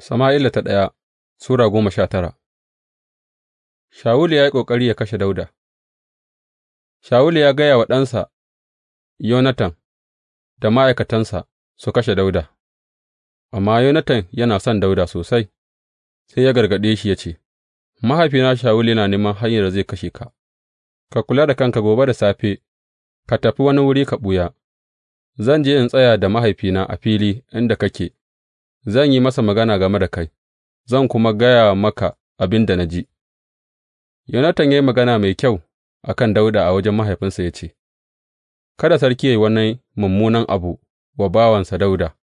Sama'ila ta ɗaya Sura goma sha tara Shawulu ya yi ƙoƙari ya kashe Dawuda Shawulu ya gaya wa ɗansa Yonatan da ma'aikatansa su kashe Dauda. amma Yonatan yana son Dauda sosai, sai ya gargaɗe shi ya ce, Mahaifina Shawulu yana neman hanyar da zai kashe ka, ka kula da kanka gobe da safe, ka tafi wani wuri ka ɓuya, zan je in tsaya da mahaifina a fili inda kake. zan yi masa magana game da kai, zan kuma gaya maka abin da na ji. Yonatan ya yi magana mai kyau a kan Dauda a wajen mahaifinsa ya ce, Kada sarki ya yi wani mummunan abu wa bawansa Dauda,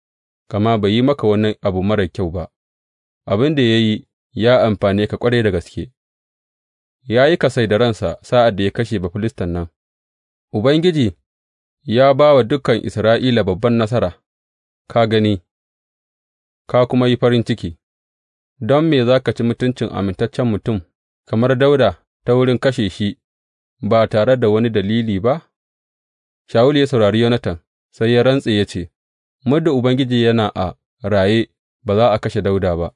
gama bai yi maka wani abu marar kyau ba, abin da ya yi ya amfane ka ƙwarai da gaske, ya yi kasai da ransa sa'ad da ya kashe Bafilistan nan, Ubangiji ya ba wa dukan Isra'ila babban nasara, ka gani, ka kuma yi farin ciki, don me za ka ci mutuncin amintaccen mutum kamar Dauda ta wurin kashe shi ba tare da wani dalili ba? Shawulu ya saurari Yonatan, sai ya rantse ya ce, Muddin Ubangiji yana a raye, ba za a kashe Dauda ba.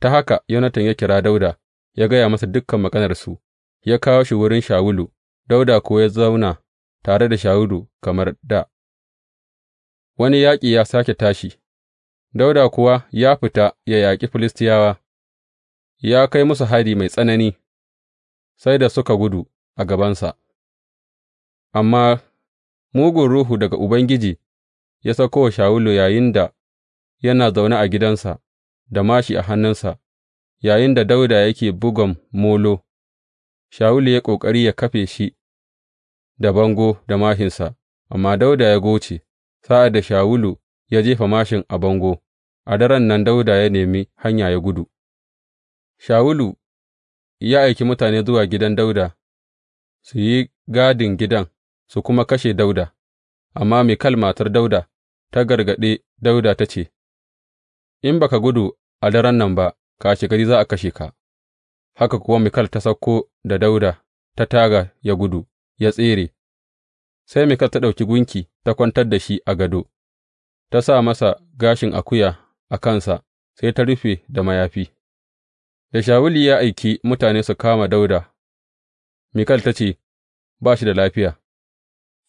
Ta haka Yonatan ya kira Dauda, ya gaya masa dukan maganarsu, ya kawo shi wurin Shawulu, Dauda ko ya zauna tare da Shawulu kamar da. Wani yaƙi ya sake tashi Dawuda kuwa ya fita ya yaƙi Filistiyawa, ya kai musu hari mai tsanani, sai da suka gudu a gabansa, amma mugun ruhu daga Ubangiji ya sauko wa Shawulu yayinda yana zaune a gidansa da mashi a hannunsa, yayinda Dawuda yake bugan molo, Shawulu ya ƙoƙari ya kafe shi da bango da māshinsa, amma Dawuda ya goce sa'ad da Shawulu ya jefa mashin a bango. A daren nan Dawuda ya nemi hanya ya gudu Shawulu ya aiki mutane zuwa gidan Dawuda su yi gadin gidan su kuma kashe Dawuda, amma Mikal matar Dawuda ta gargaɗe Dawuda ta ce, In ba ka gudu a daren nan ba, gaji za a kashe ka, haka kuwa Mikal ta sauko da Dawuda ta taga ya gudu, ya tsere, sai Mikal ta ɗauki gunki ta kwantar da shi a gado, ta sa masa gashin akuya a kansa, sai ta rufe da mayafi. Da Shawulu ya aiki mutane su kama Dauda. Mikal ta ce, Ba shi da lafiya,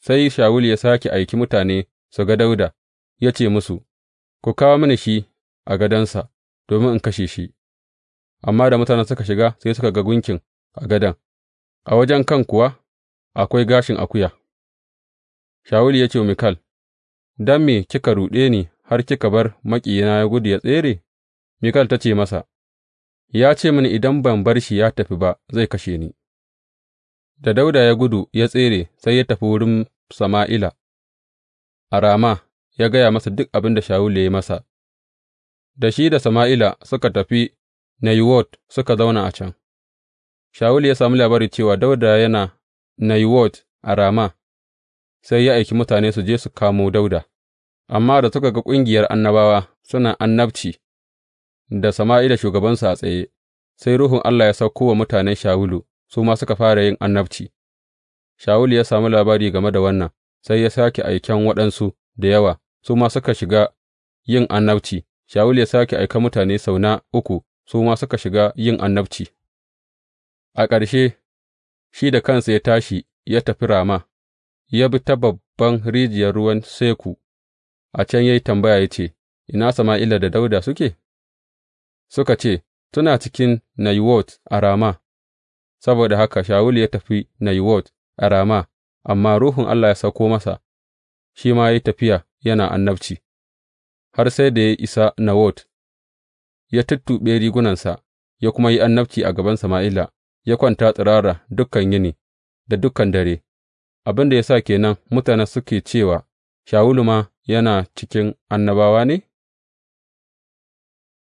sai Shawulu ya sake aiki mutane su ga Dawuda, ya ce musu, Ku kawo mini shi a gadonsa, domin in kashe shi, amma da mutane suka shiga sai suka ga gunkin a gadon, a wajen kan kuwa akwai gashin akuya. Shawulu ya ce Mikal, Dan me kika ruɗe ni har kika bar maƙiyina ya gudu ya tsere? Mikal ta ce masa, Ya ce mini idan ban bar shi ya tafi ba, zai kashe ni. Da Dauda ya gudu ya tsere, sai ya tafi wurin Sama'ila a Rama, ya gaya masa duk abin da Shawulu ya yi masa, da shi da Sama'ila suka tafi Nayiwot suka zauna a can. Shawulu ya sami labari cewa Dauda yana Nayiwot a Rama, sai ya aiki mutane su je su kamo Dauda. Amma da suka ga ƙungiyar annabawa suna annabci da Sama'ila shugabansu a tsaye, sai Ruhun Allah ya sauko wa mutanen Shawulu, su ma suka fara yin annabci. Shawulu ya sami labari game da wannan, sai ya sake aiken waɗansu da yawa, su ma suka shiga yin annabci. Shawulu ya sake aika mutane sau na uku, su ma suka shiga yin annabci. A ƙarshe, shi da kansa ya tashi ya tafi Rama, ya bi ta babban rijiyar ruwan Seku a can ya yi tambaya ya ce, Ina Sama'ila da Dauda suke? Suka ce, Suna cikin Nayiwot a Rama, saboda haka Shawulu ya tafi Nayiwot a Rama, amma Ruhun Allah ya sauko masa, shi ma ya yi tafiya yana annabci, har sai da ya isa Nawot, ya tuttuɓe rigunansa, ya kuma yi annabci a gaban Sama'ila, ya kwanta tsirara dukan yini da dukan dare, abin da ya sa kenan mutane suke cewa, Shawulu ma yana cikin annabawa ne?